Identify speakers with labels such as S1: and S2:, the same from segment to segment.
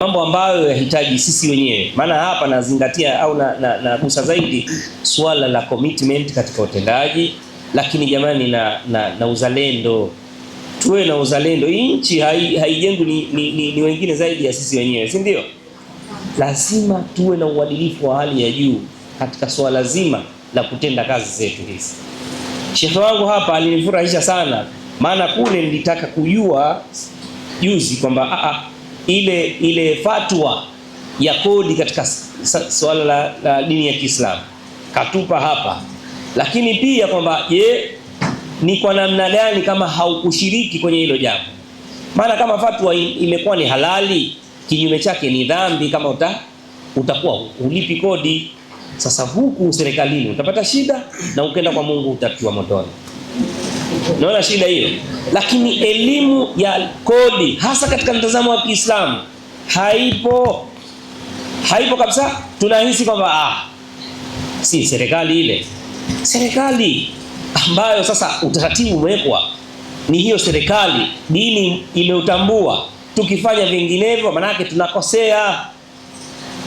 S1: mambo ambayo yahitaji sisi wenyewe. Maana hapa nazingatia au nagusa na, na zaidi swala la commitment katika utendaji, lakini jamani na, na, na uzalendo. Tuwe na uzalendo. Hii nchi haijengwi hai ni, ni, ni wengine zaidi ya sisi wenyewe, si ndio? Lazima tuwe na uadilifu wa hali ya juu katika swala zima la kutenda kazi zetu hizi. Shehe wangu hapa alinifurahisha sana, maana kule nilitaka kujua juzi kwamba ah, ah, ile ile fatwa ya kodi katika suala la, la dini ya Kiislamu katupa hapa, lakini pia kwamba je, ni kwa namna gani kama haukushiriki kwenye hilo jambo? Maana kama fatwa imekuwa ni halali, kinyume chake ni dhambi, kama uta, utakuwa ulipi kodi. Sasa huku serikalini utapata shida, na ukenda kwa Mungu utatiwa motoni. Naona shida hiyo, lakini elimu ya kodi hasa katika mtazamo wa Kiislamu haipo, haipo kabisa. Tunahisi kwamba ah, si serikali ile serikali ambayo sasa utaratibu umewekwa ni hiyo serikali, dini imeutambua. Tukifanya vinginevyo, maanake tunakosea.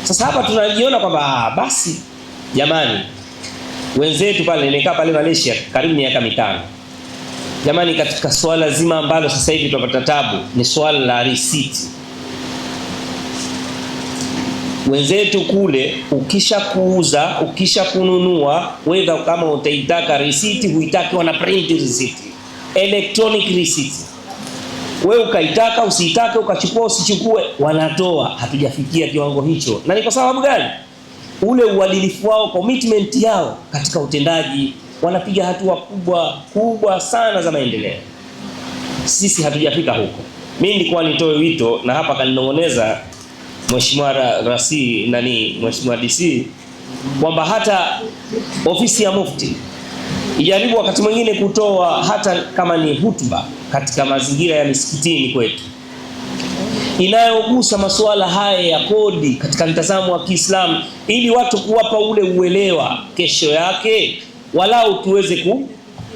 S1: Sasa hapa tunajiona kwamba ah, basi jamani, wenzetu pale, nimekaa pale Malaysia karibu miaka mitano Jamani, katika swala zima ambalo sasa hivi tunapata tabu ni swala la risiti. Wenzetu kule, ukisha kuuza, ukisha kununua, wewe kama utaitaka risiti, huitaki, wana print risiti, electronic risiti, wewe ukaitaka usiitake, ukachukua usichukue, wanatoa. Hatujafikia kiwango hicho, na ni kwa sababu gani? Ule uadilifu wao, commitment yao katika utendaji wanapiga hatua kubwa kubwa sana za maendeleo. Sisi hatujafika huko. Mimi nilikuwa nitoe wito, na hapa kaninong'oneza mheshimiwa rasi nani, mheshimiwa DC kwamba hata ofisi ya mufti ijaribu wakati mwingine kutoa hata kama ni hutuba katika mazingira ya misikitini kwetu inayogusa masuala haya ya kodi katika mtazamo wa Kiislamu ili watu kuwapa ule uelewa kesho yake walau tuweze ku,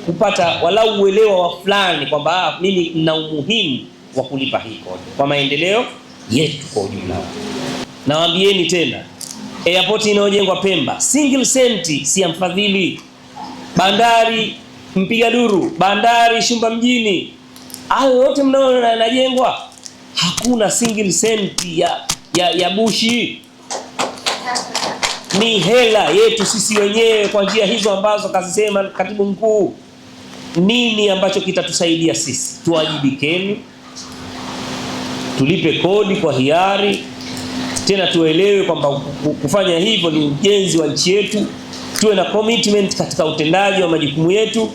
S1: kupata walau uelewa wa fulani kwamba ah, mimi nina umuhimu wa kulipa hii kodi kwa maendeleo yetu kwa ujumla. Nawaambieni tena, airport inayojengwa Pemba, single senti si ya mfadhili. Bandari mpiga duru, bandari Shumba mjini, hayo yote mnaona yanajengwa, hakuna single senti ya, ya, ya Bushi ni hela yetu sisi wenyewe, kwa njia hizo ambazo kazisema katibu mkuu. Nini ambacho kitatusaidia sisi? Tuwajibikeni, tulipe kodi kwa hiari, tena tuelewe kwamba kufanya hivyo ni ujenzi wa nchi yetu. Tuwe na commitment katika utendaji wa majukumu yetu,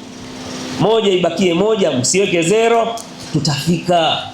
S1: moja ibakie moja, msiweke zero, tutafika.